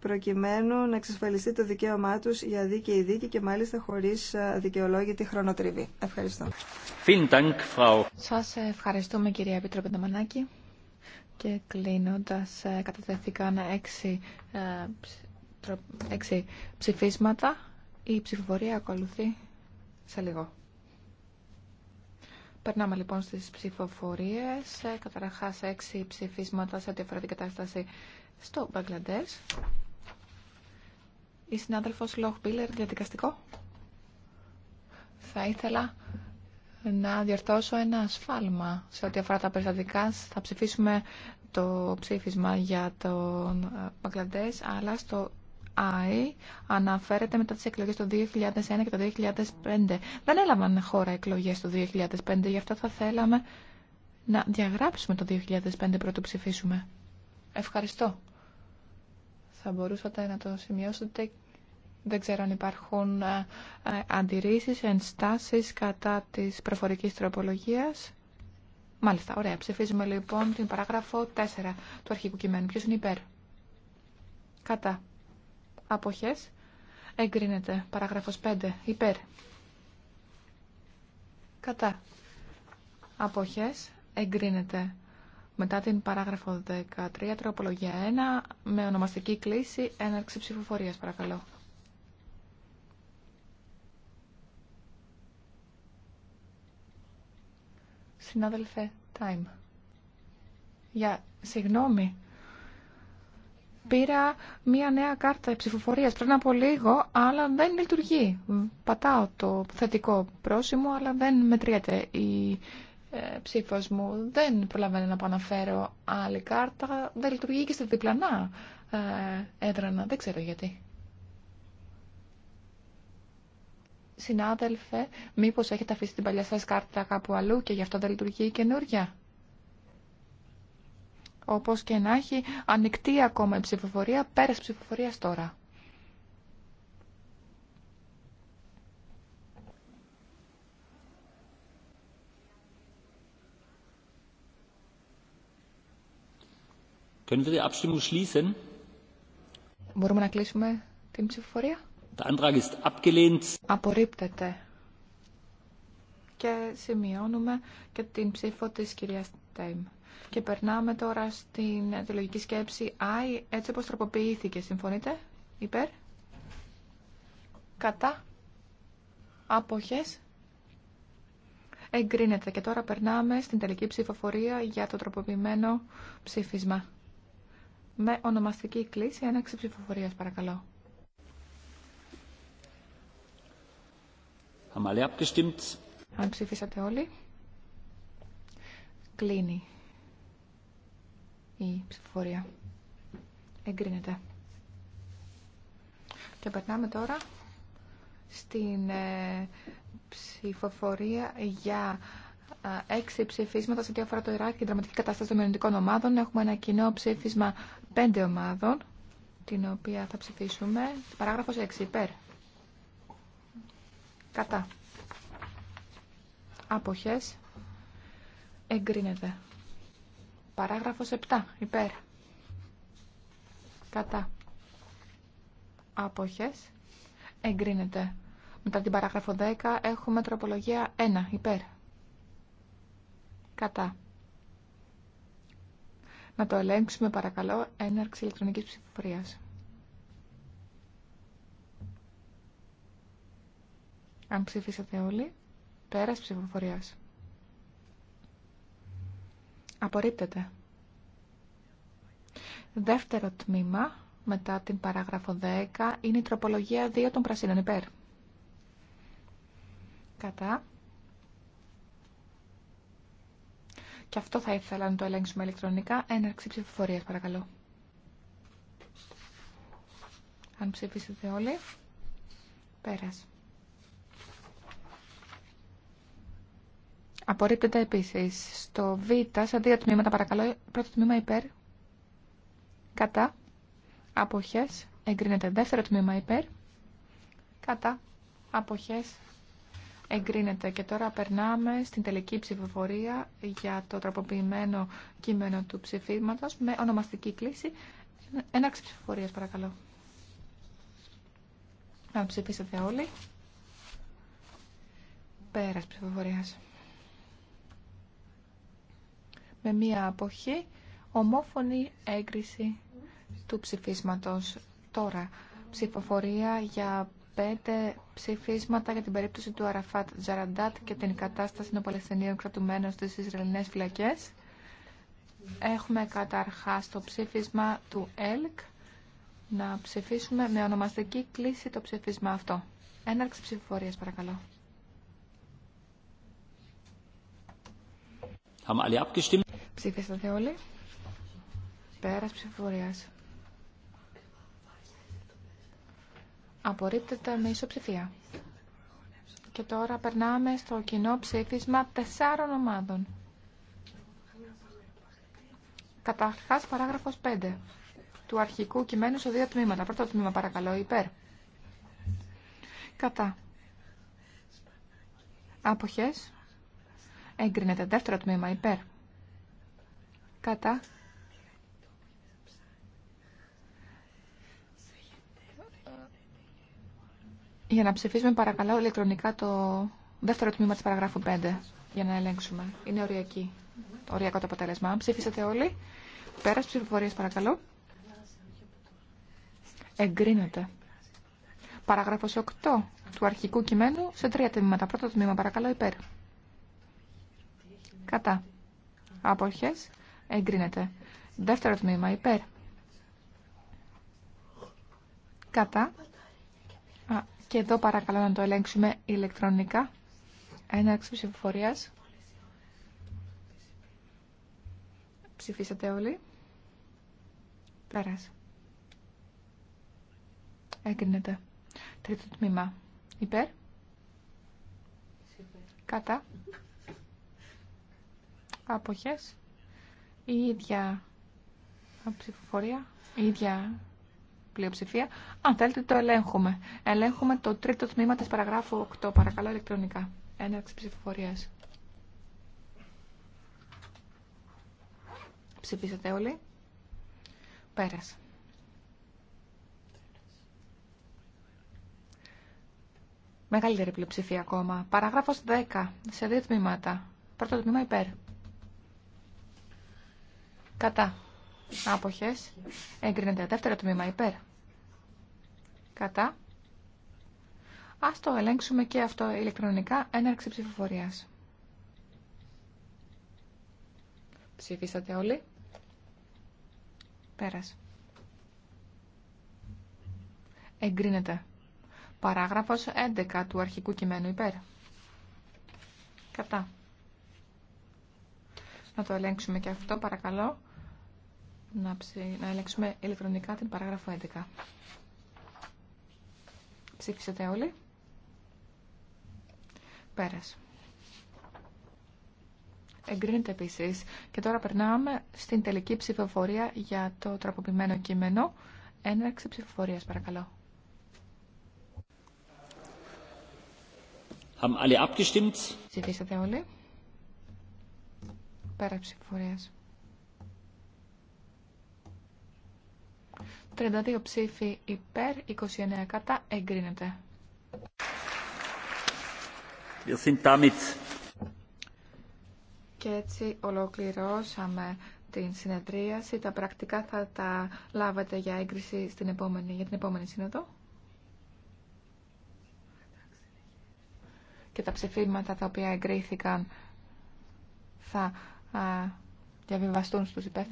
προκειμένου να εξασφαλιστεί το δικαίωμά τους για δίκαιη δίκη και μάλιστα χωρίς ε, δικαιολόγητη χρονοτριβή. Ευχαριστώ. Σας ευχαριστούμε κυρία Επίτροπε Νταμανάκη και κλείνοντας ε, κατατεθήκαν έξι, ε, έξι ψηφίσματα. Η ψηφοφορία ακολουθεί σε λίγο. Περνάμε λοιπόν στις ψηφοφορίες. Ε, καταρχάς έξι ψηφίσματα σε ό,τι αφορά την κατάσταση στο Μπαγκλαντές. Η συνάδελφος Λόχ Μπίλερ, διαδικαστικό. Θα ήθελα να διορθώσω ένα ασφάλμα σε ό,τι αφορά τα περιστατικά. Θα ψηφίσουμε το ψήφισμα για τον ε, Μπαγκλαντές, αλλά στο AI αναφέρεται μετά τις εκλογές το 2001 και το 2005. Δεν έλαβαν χώρα εκλογές το 2005, γι' αυτό θα θέλαμε να διαγράψουμε το 2005 πρώτο ψηφίσουμε. Ευχαριστώ. Θα μπορούσατε να το σημειώσετε. Δεν ξέρω αν υπάρχουν ε, ε, αντιρρήσεις, ενστάσεις κατά της προφορικής τροπολογίας. Μάλιστα, ωραία. Ψηφίζουμε λοιπόν την παράγραφο 4 του αρχικού κειμένου. Ποιος είναι υπέρ. Κατά αποχές εγκρίνεται. Παράγραφος 5 υπέρ κατά αποχές εγκρίνεται. Μετά την παράγραφο 13, τροπολογία 1, με ονομαστική κλίση, έναρξη ψηφοφορίας, παρακαλώ. Συνάδελφε, time. Για, συγγνώμη, Πήρα μία νέα κάρτα ψηφοφορίας πριν από λίγο, αλλά δεν λειτουργεί. Πατάω το θετικό πρόσημο, αλλά δεν μετριέται η ε, ψήφος μου. Δεν προλαβαίνω να παναφέρω άλλη κάρτα. Δεν λειτουργεί και στη διπλανά ε, έδρανα. Δεν ξέρω γιατί. Συνάδελφε, μήπως έχετε αφήσει την παλιά σας κάρτα κάπου αλλού και γι' αυτό δεν λειτουργεί η καινούργια όπως και να έχει ανοιχτή ακόμα η ψηφοφορία, πέρας ψηφοφορίας τώρα. Μπορούμε να κλείσουμε την ψηφοφορία. Απορρίπτεται. Και σημειώνουμε και την ψήφο της κυρίας Τέιμ. Και περνάμε τώρα στην αιτιολογική σκέψη I, έτσι όπως τροποποιήθηκε. Συμφωνείτε, υπέρ, κατά, αποχές, εγκρίνεται. Και τώρα περνάμε στην τελική ψηφοφορία για το τροποποιημένο ψήφισμα. Με ονομαστική κλίση, έναξη ψηφοφορία, παρακαλώ. Αν ψήφισατε όλοι, κλείνει η ψηφοφορία. Εγκρίνεται. Και περνάμε τώρα στην ε, ψηφοφορία για ε, έξι ψηφίσματα σε ό,τι αφορά το Ιράκ και την δραματική κατάσταση των μελλοντικών ομάδων. Έχουμε ένα κοινό ψήφισμα πέντε ομάδων, την οποία θα ψηφίσουμε. Παράγραφος 6, υπέρ. Κατά. Αποχές. Εγκρίνεται. Παράγραφος 7. Υπέρ. Κατά. Αποχές. Εγκρίνεται. Μετά την παράγραφο 10 έχουμε τροπολογία 1. Υπέρ. Κατά. Να το ελέγξουμε παρακαλώ έναρξη ηλεκτρονικής ψηφοφορίας. Αν ψηφίσατε όλοι, πέρας ψηφοφορίας. Απορρίπτεται. Δεύτερο τμήμα, μετά την παράγραφο 10, είναι η τροπολογία 2 των πρασίνων υπέρ. Κατά. Και αυτό θα ήθελα να το ελέγξουμε ηλεκτρονικά. Έναρξη ψηφοφορίας, παρακαλώ. Αν ψηφίσετε όλοι, πέρας. Απορρίπτεται επίση στο Β σε δύο τμήματα παρακαλώ. Πρώτο τμήμα υπέρ. Κατά. Αποχές. Εγκρίνεται. Δεύτερο τμήμα υπέρ. Κατά. απόχέ. Εγκρίνεται. Και τώρα περνάμε στην τελική ψηφοφορία για το τροποποιημένο κείμενο του ψηφίματος με ονομαστική κλίση. Έναξη ψηφοφορία, παρακαλώ. Να ψηφίσετε όλοι. Πέρας ψηφοφορίας με μία αποχή ομόφωνη έγκριση του ψηφίσματος. Τώρα, ψηφοφορία για πέντε ψηφίσματα για την περίπτωση του Αραφάτ Τζαραντάτ και την κατάσταση των Παλαιστινίων κρατουμένων στις Ισραηλινές φυλακές. Έχουμε καταρχάς το ψήφισμα του ΕΛΚ να ψηφίσουμε με ονομαστική κλίση το ψήφισμα αυτό. Έναρξη ψηφοφορίας παρακαλώ. Ψήφισατε όλοι. Πέρα ψηφοφορία. Απορρίπτεται με ισοψηφία. Και τώρα περνάμε στο κοινό ψήφισμα τεσσάρων ομάδων. Καταρχά, παράγραφο 5 του αρχικού κειμένου σε δύο τμήματα. Πρώτο τμήμα, παρακαλώ, υπέρ. Κατά. Αποχές. Έγκρινεται. Δεύτερο τμήμα, υπέρ κατά για να ψηφίσουμε παρακαλώ ηλεκτρονικά το δεύτερο τμήμα της παραγράφου 5 για να ελέγξουμε. Είναι οριακή. Οριακό το αποτέλεσμα. Ψήφισατε όλοι. Πέρας ψηφοφορίας παρακαλώ. Εγκρίνεται. Παράγραφος 8 του αρχικού κειμένου σε τρία τμήματα. Πρώτο τμήμα παρακαλώ υπέρ. Κατά. Αποχές εγκρίνεται. Δεύτερο τμήμα υπέρ. Κατά. και εδώ παρακαλώ να το ελέγξουμε ηλεκτρονικά. Έναρξη ψηφοφορία. Ψηφίσατε όλοι. Πέρασε. Έγκρινεται. Τρίτο τμήμα. Υπέρ. Κατά. Αποχές η ίδια ψηφοφορία, η ίδια πλειοψηφία. Αν θέλετε το ελέγχουμε. Ελέγχουμε το τρίτο τμήμα της παραγράφου 8, παρακαλώ ηλεκτρονικά. Έναρξη ψηφοφορίας. Ψηφίσατε όλοι. Πέρασε. Μεγαλύτερη πλειοψηφία ακόμα. Παράγραφος 10, σε δύο τμήματα. Πρώτο τμήμα υπέρ. Κατά. Άποχες. Εγκρίνεται. Δεύτερο τμήμα υπέρ. Κατά. Ας το ελέγξουμε και αυτό ηλεκτρονικά έναρξη ψηφοφορίας. Ψηφίσατε όλοι. Πέρας. Εγκρίνεται. Παράγραφος 11 του αρχικού κειμένου υπέρ. Κατά. Να το ελέγξουμε και αυτό παρακαλώ να, ψη... ελέγξουμε ηλεκτρονικά την παράγραφο 11. Ψήφισατε όλοι. Πέρας. Εγκρίνεται επίση. Και τώρα περνάμε στην τελική ψηφοφορία για το τροποποιημένο κείμενο. Έναρξη ψηφοφορία, παρακαλώ. Haben Ψηφίσατε όλοι. Πέρα ψηφοφορία. 32 ψήφοι υπέρ, 29 κατά, εγκρίνεται. Και έτσι ολοκληρώσαμε την συνεδρίαση. Τα πρακτικά θα τα λάβετε για έγκριση στην επόμενη, για την επόμενη σύνοδο. Και τα ψηφίματα τα οποία εγκρίθηκαν θα α, διαβιβαστούν στους υπεύθυνους.